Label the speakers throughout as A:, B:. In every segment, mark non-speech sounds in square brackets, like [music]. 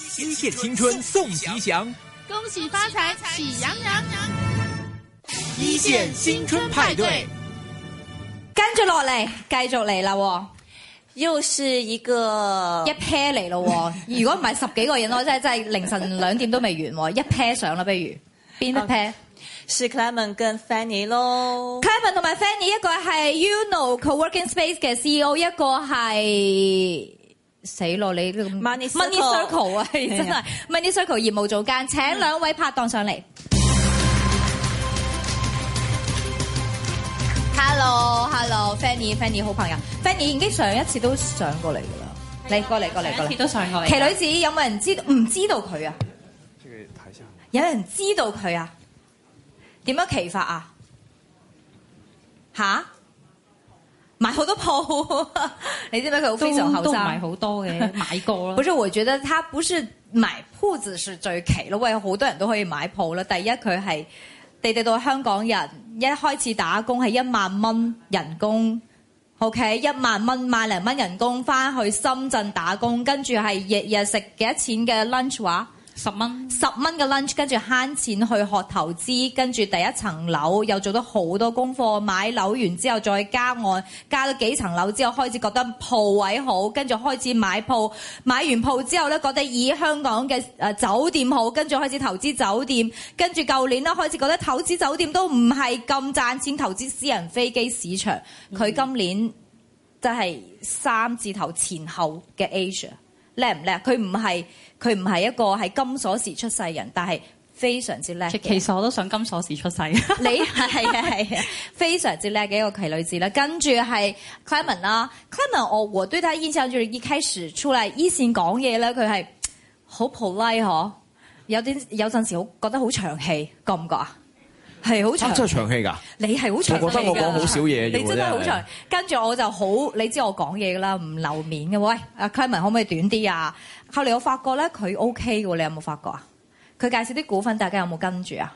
A: 一線青春送吉祥，吉祥
B: 恭喜發財，喜洋洋！e
C: 線新春派對，
A: 跟住落嚟，繼續嚟啦、哦！又是一個一 pair 來咯、哦！ [laughs] 如果唔係十幾個人，我真係真係凌晨兩點都未完、哦。一 pair 上啦，不如邊一 pair？好是 Clement 跟 Fanny 咯 Clement 同埋 Fanny，一個係 Uno Co-working Space 嘅 CEO，一個係。死咯！你呢個 money circle 啊 Money circle,，真係 yeah. money circle 業務組間，請兩位拍檔上嚟。Mm. Hello，Hello，Fanny，Fanny 好朋友，Fanny 已經上一次都上過嚟噶啦，的你過嚟過嚟過嚟，都上過嚟。在奇女子有冇人知唔知道佢啊？有沒有人知道佢啊？點樣奇法啊？吓、啊？買好多鋪， [laughs] 你知唔知佢好非常後生買好
B: 多嘅。 [laughs] 買過咯。不過我
A: 覺得佢不是買鋪子是最奇咯，喂，好多人都可以買鋪啦。第一佢係地地道道香港人，一開始打工係一萬蚊人工，OK，一萬蚊萬零蚊人工翻去深圳打工，跟住係日日食幾多錢嘅 lunch 十蚊，十蚊嘅 lunch，跟住慳錢去學投資，跟住第一層樓又做咗好多功課，買樓完之後再加按加咗幾層樓之後，開始覺得鋪位好，跟住開始買鋪，買完鋪之後呢，覺得以香港嘅誒酒店好，跟住開始投資酒店，跟住舊年呢開始覺得投資酒店都唔係咁賺錢，投資私人飛機市場，佢今年即係三字頭前後嘅 Asia。叻唔叻？佢唔係，佢唔係一個係金鎖匙出世人，但係非常之叻。其實我都
B: 想金鎖匙出世。 [laughs] 你係
A: 啊，係啊，非常之叻嘅一個奇女子啦。跟住係 Clement 啦、啊、，Clement 我我對他印象就係一開始出嚟 E 線講嘢咧，佢係好 polite 呵，有啲有陣時好覺得好長氣，覺唔覺啊？係好長、啊，真係長氣
C: 㗎！你係好長，我覺得我講好少嘢，你真係好長。
A: 跟住是我就好，你知我講嘢㗎啦，唔留面㗎。喂，阿 Clement，、啊、可唔可以短啲啊？後嚟我發覺咧佢 O K 㗎喎，你有冇發覺啊？佢介紹啲股份，大家有冇跟住啊？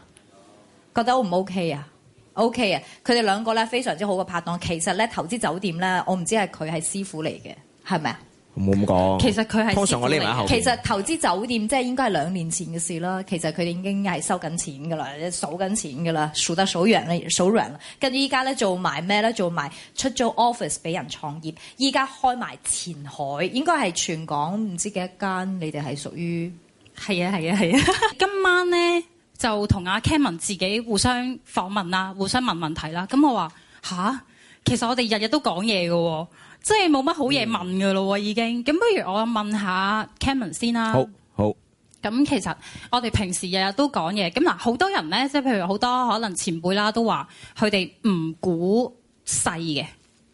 A: 覺得 O 唔 O K 啊？O K 啊！佢、OK、哋兩個咧非常之好嘅拍檔。其實咧投資酒店咧，我唔知係佢係師傅嚟嘅，係咪啊？
C: 冇咁講，其實佢係通常我哋，其實
A: 投資酒店，即係應該係兩年前嘅事啦。其實佢哋已經係收緊錢㗎啦，數緊錢㗎啦，數得數完咧，數完啦。跟住依家咧做埋咩咧？做埋出租 office 俾人創業。依家開埋前海，應該係全港唔知幾多間。你哋係屬於係，啊係啊係啊。啊啊
B: 啊 [laughs] 今晚咧就同阿 Kevin 自己互相訪問啦，互相問問題啦。咁我話吓？其實我哋日日都講嘢嘅喎。即係冇乜好嘢問㗎咯喎，已經。咁不如我問下 Clement 先啦。好，好。咁其實我哋平時日日都講嘢，咁嗱，好多人咧，即係譬如好多可能前輩啦，都話佢哋唔估勢嘅，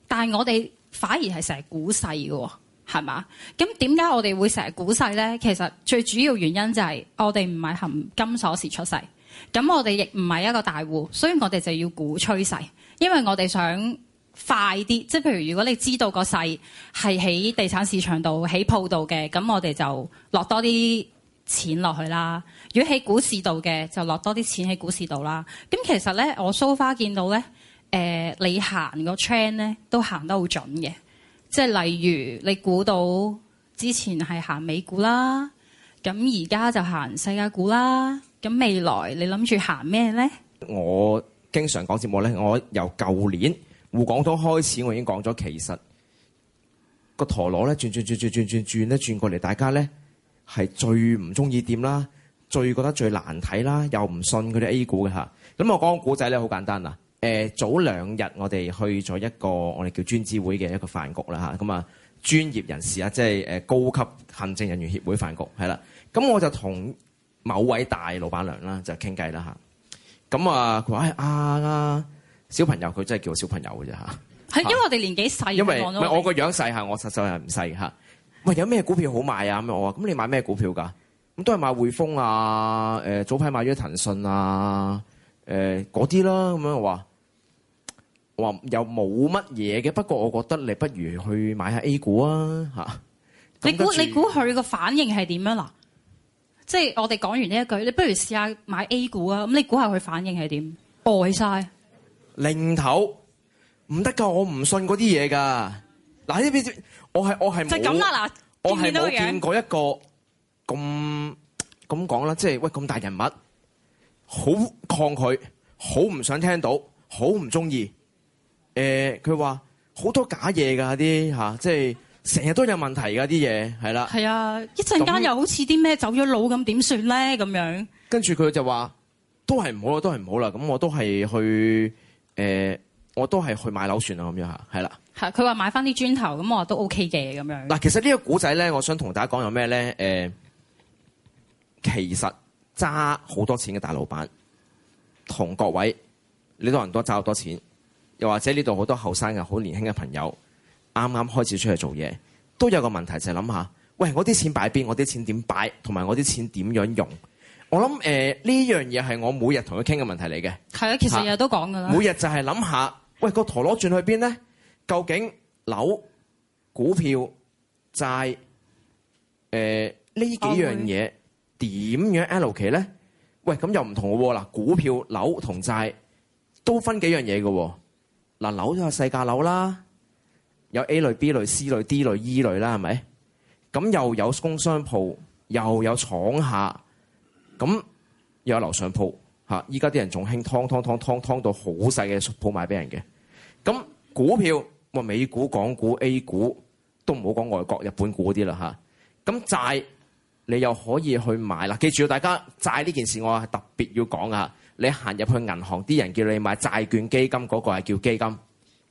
B: 但係我哋反而係成日估勢嘅喎，係嘛？咁點解我哋會成日估勢咧？其實最主要原因就係我哋唔係含金鎖匙出世，咁我哋亦唔係一個大戶，所以我哋就要估趨勢，因為我哋想。快啲！即係譬如，如果你知道個勢係喺地產市場度、起鋪度嘅，咁我哋就落多啲錢落去啦。如果喺股市度嘅，就落多啲錢喺股市度啦。咁其實咧，我蘇花見到咧，誒、呃，你行個 trend 咧都行得好準嘅。即係例如你估到之前係行美股啦，咁而家就行世界股啦。咁未來你諗住行咩咧？
C: 我經常講節目咧，我由舊年。滬港通開始，我已經講咗，其實個陀螺咧轉轉轉轉轉轉轉咧轉過嚟，大家咧係最唔中意點啦，最覺得最難睇啦，又唔信佢哋 A 股嘅嚇。咁、嗯、我講個古仔咧，好簡單啊。誒、嗯、早兩日我哋去咗一個我哋叫專資會嘅一個飯局啦嚇。咁、嗯、啊專業人士啊，即係誒高級行政人員協會飯局係啦。咁、嗯、我就同某位大老闆娘啦就傾偈啦嚇。咁啊佢話啊啦。嗯小朋友佢真係叫小朋友嘅啫嚇，
B: 係因為我哋年紀細，咪 [laughs] 為我
C: 個不樣細下， [laughs] 我實在係唔細嚇。喂， [laughs] 有咩股票好買啊？咁我話咁你買咩股票㗎？咁都係買匯豐啊。誒早排買咗騰訊啊。誒嗰啲啦咁樣話，我話又冇乜嘢嘅。不過我覺得你不如去買下 A 股啊嚇。你估猜後你估
B: 佢個反應係點樣嗱、啊？ [laughs] 即係我哋講完呢一句，你不如試下買 A 股啊。咁你估下佢反應係點呆晒。
C: 零頭唔得噶，我唔信嗰啲嘢噶。嗱，呢邊我係我係冇就咁啦。嗱，我係冇見過一個咁咁講啦，即係喂，咁大人物好抗拒，好唔想聽到，好唔中意。誒、欸，佢話好多假嘢噶啲吓，即係成日都有問題噶啲嘢係啦。係
B: 啊，一陣間又好似啲咩走咗佬咁，點算咧，咁樣？
C: 跟住佢就話都係唔好啦，都係唔好啦。咁我都係去。誒、呃，我都係去買樓算啦，咁樣嚇，係啦。
B: 係佢話買翻啲磚頭，咁我話都 OK 嘅咁樣。
C: 嗱、呃，其實呢個古仔咧，我想同大家講，有咩咧？誒，其實揸好多錢嘅大老闆同各位，你多人多揸好多錢，又或者呢度好多後生嘅好年輕嘅朋友，啱啱開始出去做嘢，都有個問題就係諗下，喂，我啲錢擺邊？我啲錢點擺？同埋我啲錢點樣用？我諗誒，呢樣嘢係我每日同佢傾嘅問題嚟嘅。係啊，其實日日都講噶啦。每日就係諗下，喂，個陀螺轉去邊咧？究竟樓、股票、債，誒、呃、呢幾樣嘢點 Okay. 樣 allocate 咧？喂，咁又唔同喎嗱，股票、樓同債都分幾樣嘢嘅喎。嗱、呃，樓都有細價樓啦，有 A 類、B 類、C 類、D 類、E 類啦，係咪？咁又有工商鋪，又有廠下。咁有樓上鋪嚇，依家啲人仲興劏劏劏劏劏到好細嘅鋪，買俾人嘅。咁股票，美股、港股、A 股都唔好講，外國、日本股啲啦嚇。咁債你又可以去買啦。記住，要大家債呢件事我係特別要講啊。你行入去銀行，啲人叫你買債券基金嗰個係叫基金，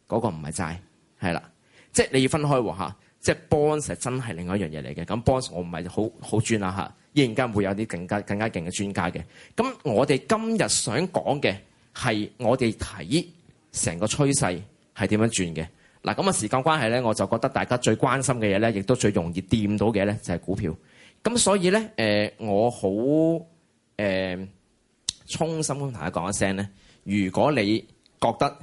C: 嗰個唔係債，係啦。即係你要分開喎嚇。即係 bonds 真係另外一樣嘢嚟嘅。咁 bonds 我唔係好好專啦嚇。突然間會有啲更加更加勁嘅專家嘅，咁我哋今日想講嘅係我哋睇成個趨勢係點樣轉嘅。嗱，咁啊時間關係呢，我就覺得大家最關心嘅嘢呢，亦都最容易掂到嘅呢，就係、是、股票。咁所以呢，誒、呃、我好誒、呃、衷心咁同大家講一聲咧，如果你覺得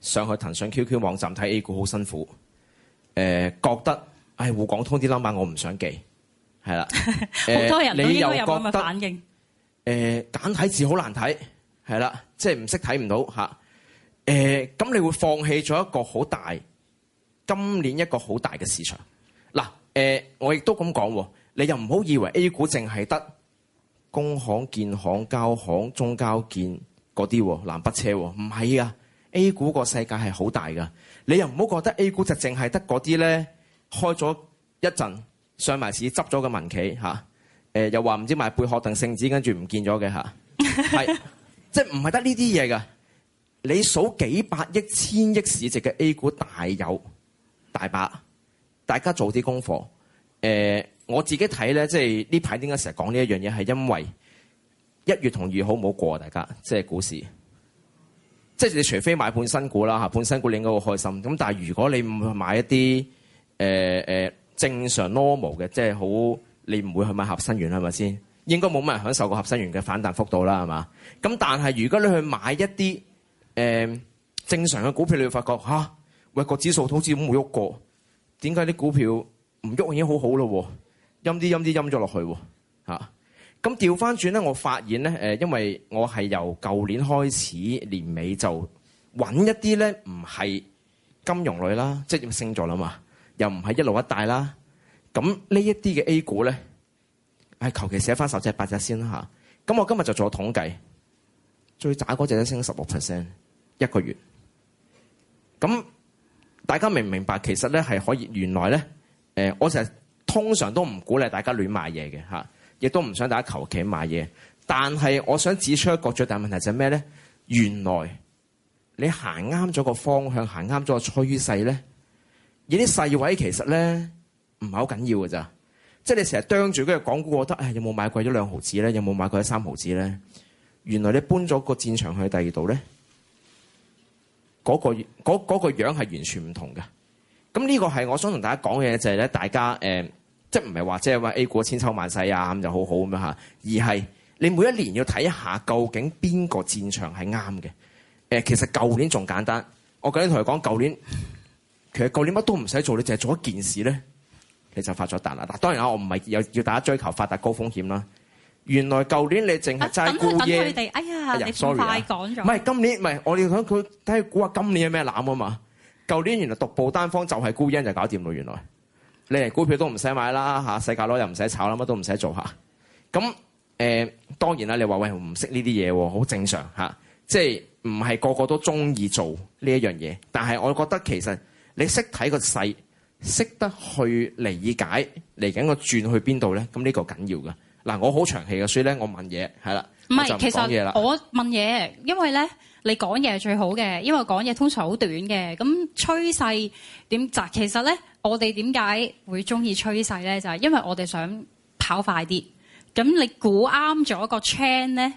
C: 上去騰訊 QQ 網站睇 A 股好辛苦，誒、呃、覺得唉，滬、哎、港通啲 number 我唔想記。係啦，好 [laughs] 多人都有咁嘅反應，誒、呃呃，簡體字好難睇，係啦，即係唔識睇唔到嚇。咁、啊呃、你會放棄咗一個好大今年一個好大嘅市場。嗱，誒，我亦都咁講，你又唔好以為 A 股淨係得工行、建行、交行、中交建嗰啲南北車、啊，唔係啊！A 股個世界係好大噶，你又唔好覺得 A 股就淨係得嗰啲咧，開咗一陣。上埋市執咗個民企、啊、又話唔知買貝殼定聖紙，跟住唔見咗嘅，即係唔係得呢啲嘢㗎？你數幾百億、千億市值嘅 A 股大有大把，大家做啲功課、啊。我自己睇咧，即係呢排點解成日講呢一樣嘢，係因為一月同二好唔好過、啊？大家即係、就是、股市，即、就、係、是、你除非買半新股啦，半新股你應該好開心。咁但係如果你買一啲正常 normal 嘅，即係好你唔會去買合生元係咪先？應該冇乜人享受過合生元嘅反彈幅度啦，係嘛？咁但係如果你去買一啲誒、呃，正常嘅股票，你會發覺吓、啊，喂個指數好似都冇喐過，點解啲股票唔喐已經好好咯？陰啲陰啲陰咗落去吓，咁調翻轉咧，我發現咧，誒、呃，因為我係由舊年開始年尾就揾一啲咧唔係金融類啦，即係升咗啦嘛。又唔係一路一帶啦，咁呢一啲嘅 A 股咧，係求其寫翻十隻八隻先啦吓，咁我今日就做統計，最渣嗰隻都升十六 percent 一個月。咁大家明唔明白？其實咧係可以，原來咧，我成日通常都唔鼓勵大家亂買嘢嘅吓，亦都唔想大家求其買嘢。但係我想指出一個最大問題就係咩咧？原來你行啱咗個方向，行啱咗個趨勢咧。而啲細位其實咧唔係好緊要嘅咋，即係你成日啄住嗰個港股，覺得誒有冇買貴咗兩毫子咧？有冇買貴咗三毫子咧？原來你搬咗個戰場去第二度咧，嗰、嗰個嗰、嗰個樣係完全唔同嘅。咁呢個係我想同大家講嘅就係咧，大家、呃、即係唔係話即係話 A 股千秋萬世啊咁就好好咁樣吓，而係你每一年要睇一下究竟邊個戰場係啱嘅。誒，其實舊年仲簡單，我記得同佢講舊年。其實舊年乜都唔使做，你淨係做一件事咧，你就發咗達啦。嗱，當然啦，我唔係又要大家追求發達高風險啦。原來舊年你淨係就係孤煙。等佢哋，
B: 哎呀，哎呀你太快講咗。唔係、
C: 啊、今年，唔係我哋響佢睇下估下今年有咩攬啊嘛。舊年原來獨步單方就係孤煙就搞掂咯。原來你連股票、啊、都唔使買啦嚇，細價樓又唔使炒啦，乜都唔使做嚇。咁誒，當然啦。你話喂唔識呢啲嘢，好正常嚇，即係唔係個個都中意做呢一樣嘢？但係我覺得其實。你識睇個勢，識得去理解嚟緊個轉去邊度咧？咁呢個緊要㗎。嗱，我好長氣嘅，所以咧我問嘢係啦，唔係其實我
B: 問嘢，因為咧你講嘢係最好嘅，因為講嘢通常好短嘅。咁趨勢點擇？其實咧，我哋點解會中意趨勢咧？就係因為我哋想跑快啲。咁你估啱咗個 chain 咧？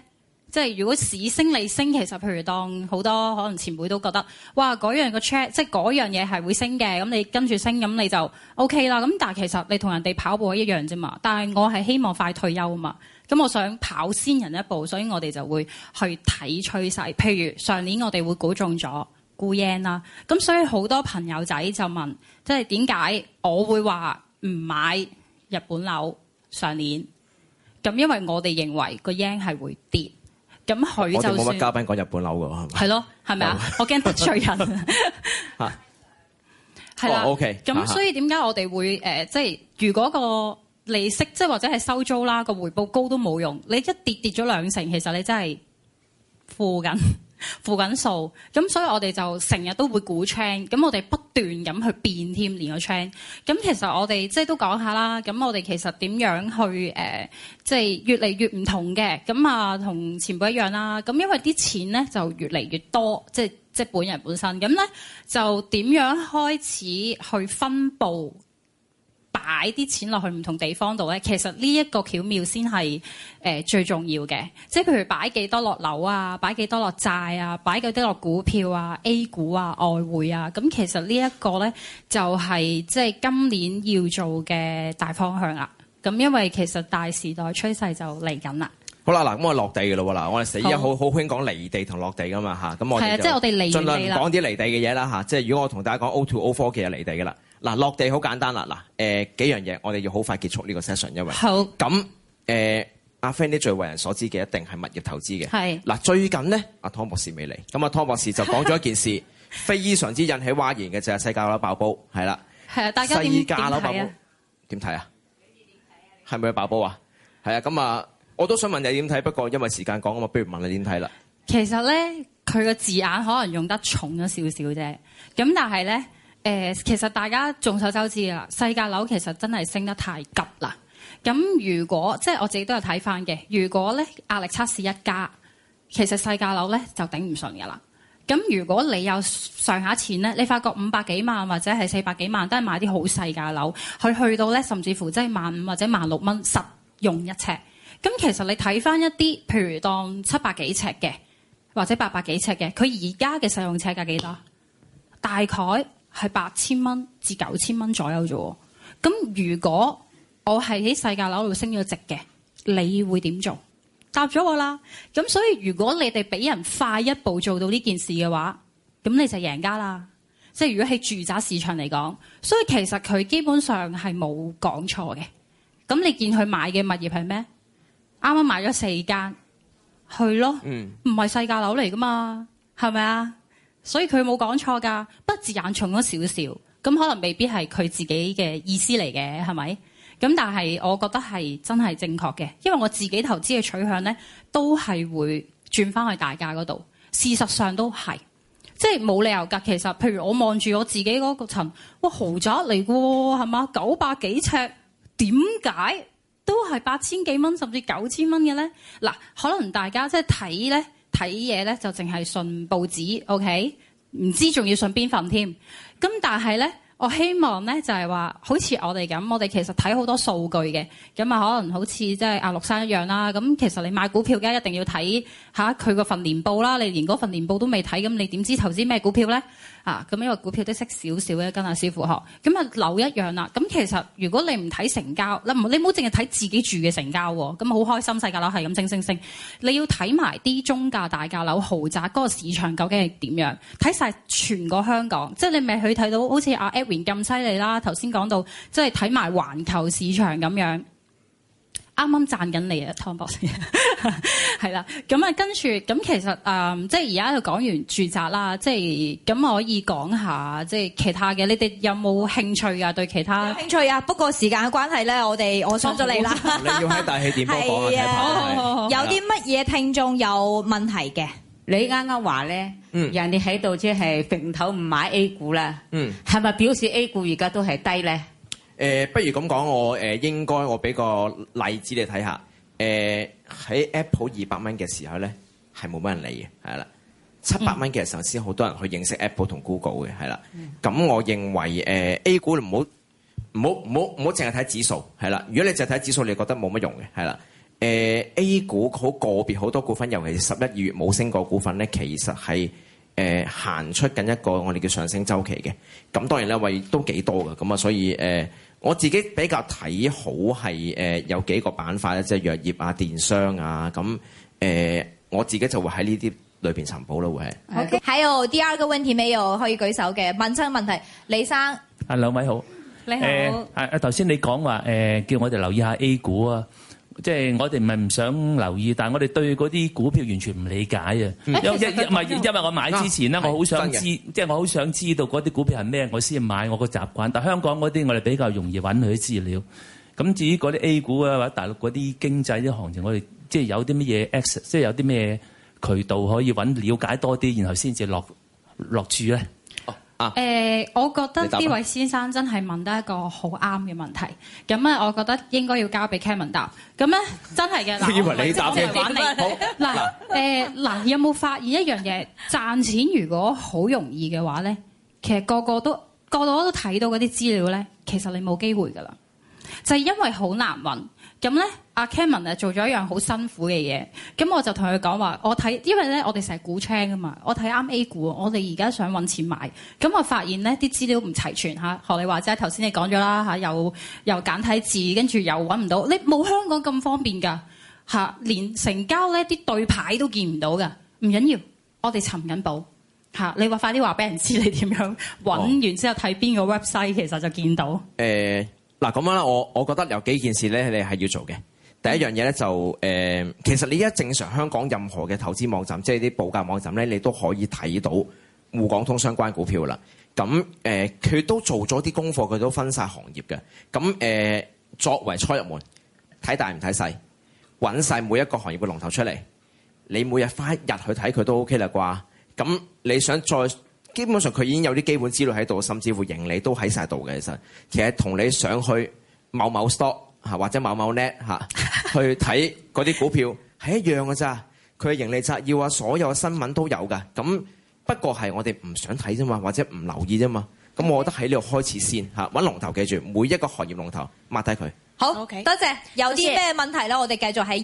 B: 即係如果市升你升，其實譬如當好多可能前輩都覺得哇，嗰樣個 check 即係嗰樣嘢係會升嘅，咁你跟住升，咁你就 O K 啦。咁但其實你同人哋跑步一樣啫嘛。但係我係希望快退休啊嘛，咁我想跑先人一步，所以我哋就會去睇趨勢。譬如上年我哋會估中咗沽 yen 啦，咁所以好多朋友仔就問，即係點解我會話唔買日本樓上年咁？因為我哋認為個 yen 係會跌。咁佢就冇乜嘉賓
C: 講日本樓㗎，係咪吧？
B: 係咯吧，係咪啊？ [laughs] 我驚得罪人。
C: 吓，係 OK。咁所以點
B: 解我哋會、呃、即係如果個利息即係或者係收租啦，個回報高都冇用。你一跌跌咗兩成，其實你真係負緊。付緊數，咁所以我哋就成日都會估 chain，咁我哋不斷咁去變添連個 chain。咁其實我哋即係都講下啦，咁我哋其實點樣去即係、呃即係、越嚟越唔同嘅。咁啊，同前輩一樣啦。咁因為啲錢咧就越嚟越多，即係即係本人本身。咁咧就點樣開始去分佈？擺啲錢落去唔同地方度咧，其實呢一個巧妙先係、呃、最重要嘅，即係譬如擺幾多落樓啊，擺幾多落債啊，擺幾多落股票啊、A 股啊、外匯啊，咁其實呢一個咧就係即係今年要做嘅大方向啦。咁因為其實大時代趨勢就嚟緊啦。
C: 好啦，嗱咁我落地㗎啦，嗱我哋死一好好興講離地同落地㗎嘛嚇，咁好我係啊，即係我哋離地啦。盡量唔講啲離地嘅嘢啦嚇，即係如果我同大家講 O to O 科技係離地㗎啦。嗱落地好簡單啦，嗱誒幾樣嘢，我哋要好快結束呢個 session，因為好咁誒，阿 Fanny 呢最為人所知嘅一定係物業投資嘅，係嗱是最近咧，阿湯博士未嚟，咁啊湯博士就講咗一件事， [laughs] 非常之引起嘩然嘅就係、是、世界樓爆煲，係啦，
B: 係啊，大家點點睇啊？
C: 點睇啊？係咪爆煲啊？係啊，咁啊，我都想問你點睇，不過因為時間趕啊嘛，不如問你點睇啦。
B: 其實咧，佢個字眼可能用得重咗少少啫，咁但係咧。呃、其實大家眾所周知啦，細價樓其實真係升得太急啦。咁如果即係、就是、我自己都有睇翻嘅，如果咧壓力測試一加，其實細價樓咧就頂唔順嘅啦。咁如果你有上下錢咧，你發覺五百幾萬或者係四百幾萬都係買啲好細價樓，佢去到咧甚至乎即係萬五或者萬六蚊實用一尺。咁其實你睇翻一啲，譬如當七百幾尺嘅或者八百幾尺嘅，佢而家嘅實用尺價幾多？大概。係八千蚊至九千蚊左右啫喎，咁如果我係喺細價樓度升咗值嘅，你會點做？答咗我啦，咁所以如果你哋俾人快一步做到呢件事嘅話，咁你就贏家啦。即係如果係住宅市場嚟講，所以其實佢基本上係冇講錯嘅。咁你見佢買嘅物業係咩？啱啱買咗四間，係咯，唔係細價樓嚟噶嘛，係咪啊？所以佢冇講錯㗎，筆字眼重咗少少，咁可能未必係佢自己嘅意思嚟嘅，係咪？咁但係我覺得係真係正確嘅，因為我自己投資嘅取向呢，都係會轉翻去大家嗰度。事實上都係，即係冇理由㗎。其實，譬如我望住我自己嗰個層，哇豪宅嚟㗎，係嘛？九百幾尺，點解都係八千幾蚊，甚至九千蚊嘅呢？嗱，可能大家即係睇呢。睇嘢咧就淨係信報紙，OK？唔知仲要信邊份添？咁但係咧，我希望咧就係話，好似我哋咁，我哋其實睇好多數據嘅，咁啊可能好似即係阿陸生一樣啦。咁其實你買股票梗一定要睇下佢個份年報啦。你連嗰份年報都未睇，咁你點知投資咩股票咧？啊，咁因為股票都識少少咧，跟阿師傅學，咁啊樓一樣啦。咁其實如果你唔睇成交，你唔好冇淨係睇自己住嘅成交，咁好開心。世界樓係咁升升升，你要睇埋啲中價、大價樓、豪宅嗰個市場究竟係點樣？睇曬全個香港，即係你咪去睇到好似阿 Edwin 咁犀利啦。頭先講到，即係睇埋環球市場咁樣。啱啱賺緊你啊，湯博士，係 [laughs] 啦。咁啊，跟住咁其實誒、嗯，即係而家就講完住宅啦，即係咁可以講下即係其他嘅。你哋有冇興趣啊？對其他有興趣啊？不過時間嘅關係咧，我哋我想咗你啦。你要
C: 喺大氣點講有啲
A: 乜嘢聽眾有問題嘅？ [laughs] 你啱啱話咧，嗯、人哋喺度即係平頭唔買 A 股啦，係咪、嗯、表示 A 股而家都係低咧？
C: 誒、呃，不如咁講，我誒、呃、應該我俾個例子你睇下。誒、呃、喺 Apple 二百蚊嘅時候咧，係冇乜人理嘅，係啦。七百蚊嘅時候先好、嗯、多人去認識 Apple 同 Google 嘅，係啦。咁、嗯、我認為、呃、A 股唔好唔好唔好唔好淨係睇指數，係啦。如果你淨係睇指數，你覺得冇乜用嘅，係啦。誒、呃、A 股好個別好多股份，尤其是十一二月冇升過股份咧，其實係。誒行、呃、出緊一個我哋叫上升周期嘅，咁當然啦，位都幾多㗎，咁啊，所以誒、呃，我自己比較睇好係誒、呃、有幾個板塊咧，即係藥業啊、電商啊，咁、呃、誒，我自己就會喺呢啲裏邊尋寶咯，會係 Okay.
A: Okay.。OK，還有第二個問題，未有可以舉手嘅，問親問題，李生。
C: 啊，兩位好。你好。誒誒、呃，頭先你講話誒、呃，叫我哋留意下 A 股啊。即係我哋唔係唔想留意，但我哋對嗰啲股票完全唔理解啊、嗯嗯！因為因為我買之前咧，啊、我好想知，即係我好想知道嗰啲股票係咩，我先買。我個習慣。但香港嗰啲我哋比較容易揾佢資料。咁至於嗰啲 A 股啊，或者大陸嗰啲經濟啲行情，我哋即係有啲乜嘢 access 即係有啲咩渠道可以揾了解多啲，然後先至落落注咧。
B: 誒、啊呃，我覺得呢答位先生真係問得一個好啱嘅問題，咁啊，我覺得應該要交俾 Kevin 答。咁咧，真係嘅，啦以為你打我真你答，你，好嗱，誒嗱，有冇發現一樣嘢？呃、賺錢如果好容易嘅話咧，其實個個都個個都睇到嗰啲資料咧，其實你冇機會㗎啦，就係、是、因為好難揾。咁咧。阿 Clement 啊，man, 做咗一樣好辛苦嘅嘢，咁我就同佢講話，我睇，因為咧我哋成日股 check 㗎嘛，我睇啱 A 股，我哋而家想揾錢買，咁我發現咧啲資料唔齊全，吓學你話齋頭先你講咗啦嚇，又又簡體字，跟住又揾唔到，你冇香港咁方便㗎吓，連成交咧啲對牌都見唔到㗎，唔緊要，我哋尋緊寶吓，你話快啲話俾人知你點樣揾完、哦、之後睇邊個 website 其實就見到、
C: 哦。誒嗱咁樣啦，我我覺得有幾件事咧，你係要做嘅。第一樣嘢咧就誒、呃，其實你而家正常香港任何嘅投資網站，即係啲報價網站咧，你都可以睇到滬港通相關股票啦。咁誒，佢、呃、都做咗啲功課，佢都分晒行業嘅。咁誒、呃，作為初入門，睇大唔睇細，揾晒每一個行業嘅龍頭出嚟，你每日返一日去睇佢都 OK 啦啩？咁你想再，基本上佢已經有啲基本資料喺度，甚至乎盈利都喺晒度嘅。其實，其實同你想去某某 store 或者某某叻吓去睇嗰啲股票係 [laughs] 一樣嘅咋，佢嘅盈利摘要啊，所有嘅新聞都有噶。咁不過係我哋唔想睇啫嘛，或者唔留意啫嘛。咁 Okay. 我覺得喺呢度開始先嚇，揾龍頭，記住每一個行業龍頭抹低佢。
A: 好 Okay. 多謝，有啲咩問題咧？我哋繼續喺。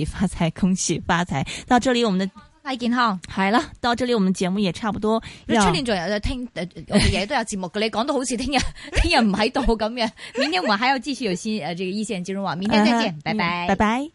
A: 發財，恭喜發財！到這裏，我們的大健康，係啦。到這裏，我們的節目也差不多。你出年仲有聽誒、呃，我哋嘢都有節目嘅， [laughs] 你講到好似聽日聽日唔喺度咁樣。 [laughs] 明天我們還要繼續有新誒，這個 e 線金融網，明天再見，uh, 拜拜，拜
B: 拜。